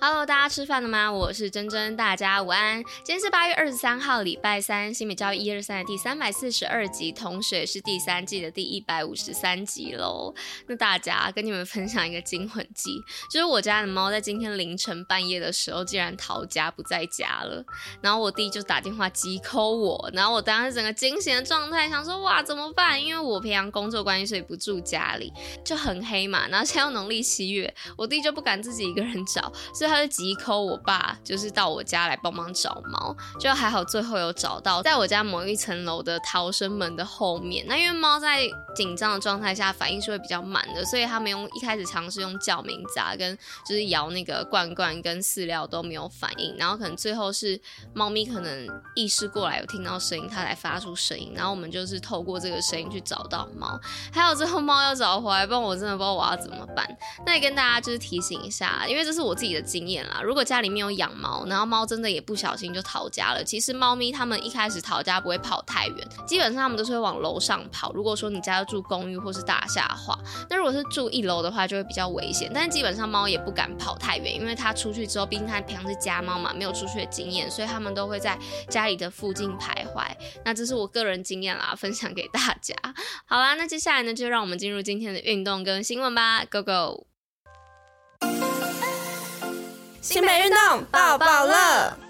Hello，大家吃飯了嗎？我是珍珍，大家午安。今天是八月二十三號，禮拜三，新北教育一二三的第三百四十二集，同時也是第三季的第一百五十三集嘍。那大家跟你們分享一個驚魂記，就是我家的貓在今天凌晨半夜的時候，竟然逃家不在家了。然後我弟就打電話急摳我，然後我當時整個驚醒的狀態，想說哇怎麼辦？因為我平常工作關係，所以不住家裡，就很黑嘛。然後現在又農曆七月，我弟就不敢自己一個人找，所以。他就急 call，我爸就是到我家來幫忙找貓，就還好，最後有找到，在我家某一層樓的逃生門的後面。那因為貓在緊張的狀態下反應是會比較慢的，所以他們用一開始嘗試用叫名、啊、砸跟就是搖那個罐罐跟飼料都沒有反應，然後可能最後是貓咪可能意識過來有聽到聲音，它才發出聲音。然後我們就是透過這個聲音去找到貓，還有最後貓要找回來，不然我真的不知道我要怎麼辦。那也跟大家就是提醒一下，因為這是我自己的經驗。經驗啦，如果家裡面有養貓，然後貓真的也不小心就逃家了，其實貓咪它們一開始逃家不會跑太遠，基本上它們都是會往樓上跑。如果說你家要住公寓或是大廈的話，那如果是住一樓的話就會比較危險，但是基本上貓也不敢跑太遠，因為它出去之後，畢竟它平常是家貓嘛，沒有出去的經驗，所以它們都會在家裡的附近徘徊。那這是我個人經驗啦，分享給大家。好啦，那接下來呢，就讓我們進入今天的運動跟新聞吧，Go Go！新北運動報報樂。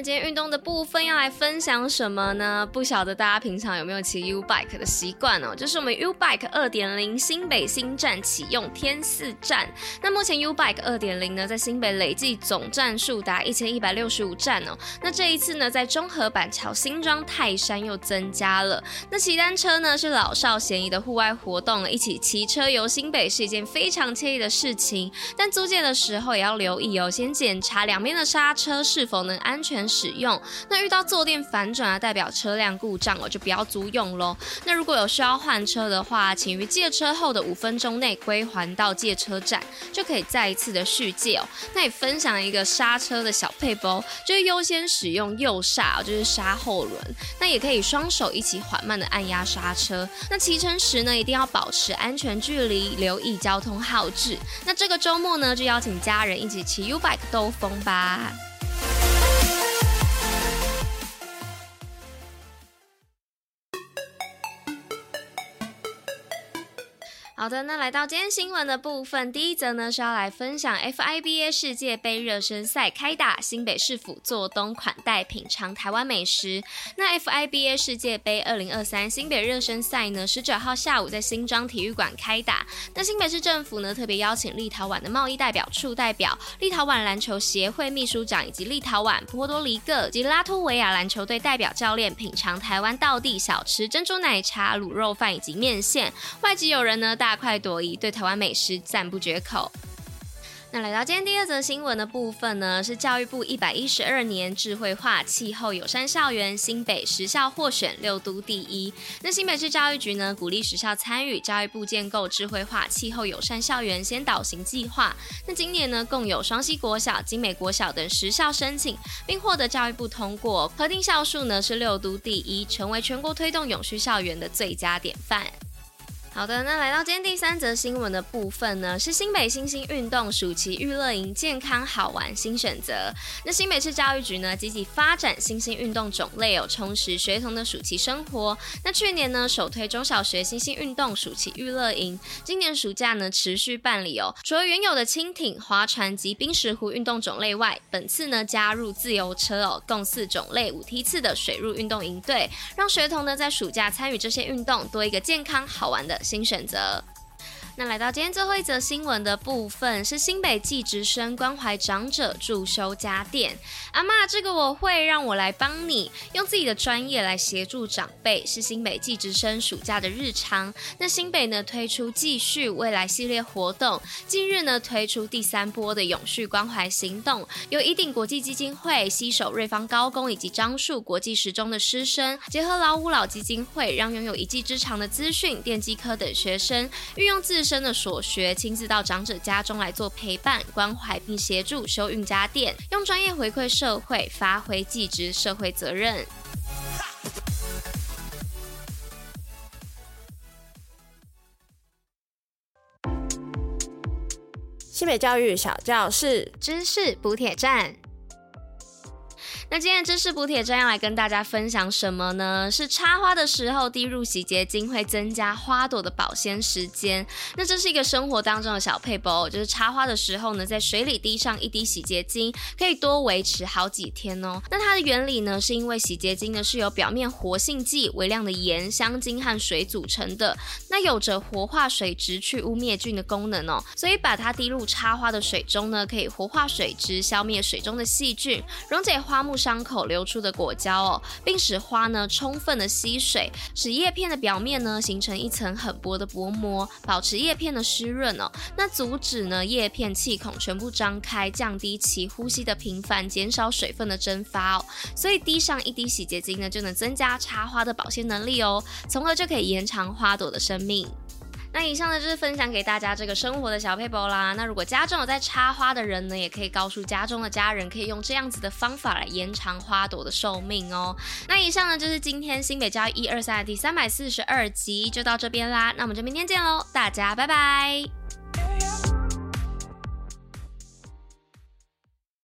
今天運動的部分要來分享什麼呢？不曉得大家平常有沒有騎 U Bike 的習慣哦，就是我們 U Bike 二點零新北新站啟用添四站。那目前 U Bike 二點零呢，在新北累計總站數達一千一百六十五站哦、喔。那這一次呢，在中和、板橋、新莊、泰山又增加了。那騎單車呢，是老少咸宜的戶外活動了，一起騎車遊新北是一件非常愜意的事情。但租借的時候也要留意哦、喔，先檢查兩邊的剎車是否能安全使用，那遇到坐墊反轉啊，代表車輛故障哦，就不要租用嘍。那如果有需要換車的話，請於借車後的五分鐘內歸還到借車站，就可以再一次的續借哦。那也分享一個剎車的小撇步哦，就是優先使用右剎哦，就是剎後輪。那也可以雙手一起緩慢的按壓剎車。那騎乘時呢，一定要保持安全距離，留意交通號誌。那這個週末呢，就邀請家人一起騎 YouBike 兜風吧。好的，那來到今天新聞的部分，第一則呢是要來分享 FIBA 世界杯熱身賽開打，新北市府做東款待品嘗台灣美食。那 FIBA 世界杯2023新北熱身賽呢，十九號下午在新莊體育館開打。那新北市政府呢，特別邀請立陶宛的貿易代表處代表、立陶宛籃球協會秘書長以及立陶宛波多黎各及拉脫維亞籃球隊代表教練品嘗台灣道地小吃、珍珠奶茶、滷肉飯以及面線。外籍友人呢，大。大快朵頤，對台灣美食讚不絕口。那來到今天第二則新聞的部分呢，是教育部一百一十二年智慧化氣候友善校園，新北十校獲選六都第一。那新北市教育局呢，鼓勵十校參與教育部建構智慧化氣候友善校園先導型計劃。那今年呢，共有雙溪國小、金美國小等十校申請，並獲得教育部通過核定校，校數呢是六都第一，成為全國推動永續校園的最佳典範。好的，那來到今天第三則新聞的部分呢，是新北新興運動暑期育樂營，健康好玩新選擇。那新北市教育局呢，積極發展新興運動種類，哦，充實學童的暑期生活。那去年呢，首推中小學新興運動暑期育樂營，今年暑假呢，持續辦理哦。除了原有的輕艇划船及冰石湖運動種類外，本次呢加入自由車哦，共四種類五梯次的水陸運動營隊，讓學童呢在暑假參與這些運動，多一個健康好玩的。新選擇。那來到今天最後一則新聞的部分，是新北技職生關懷長者助修家電。阿嬤，這個我會，讓我來幫你，用自己的專業來協助長輩，是新北技職生暑假的日常。那新北呢，推出繼續未來系列活動，近日呢，推出第三波的永續關懷行動，由一定國際基金會、攜手瑞芳高工以及樟樹國際實中的師生，結合老五老基金會，讓擁有一技之長的資訊、電機科等學生運用自生的所學，親自到長者家中來做陪伴、關懷，並協助修運家電，用專業回饋社會，發揮技職社會責任。新北教育小教室，知識補帖站。那今天的知識補帖站要來跟大家分享什麼呢？是插花的時候滴入洗潔精會增加花朵的保鮮時間。那這是一個生活當中的小撇步，ball, 就是插花的時候呢，在水裡滴上一滴洗潔精，可以多維持好幾天哦。那它的原理呢，是因為洗潔精呢是由表面活性劑、微量的鹽、香精和水組成的。它有着活化水質去污滅菌的功能哦，所以把它滴入插花的水中呢，可以活化水質，消滅水中的細菌，溶解花木傷口流出的果膠哦，並使花呢充分的吸水，使葉片的表面呢形成一層很薄的薄膜，保持葉片的濕潤哦，那阻止呢葉片氣孔全部張開，降低其呼吸的頻繁，減少水分的蒸發哦，所以滴上一滴洗潔精呢，就能增加插花的保鮮能力哦，從而就可以延長花朵的生命。那以上呢就是分享給大家這個生活的小撇步啦。那如果家中有在插花的人呢，也可以告訴家中的家人，可以用這樣子的方法來延長花朵的壽命哦。那以上呢就是今天新北教育一二三的第三百四十二集，就到這邊啦。那我們就明天見嘍，大家拜拜。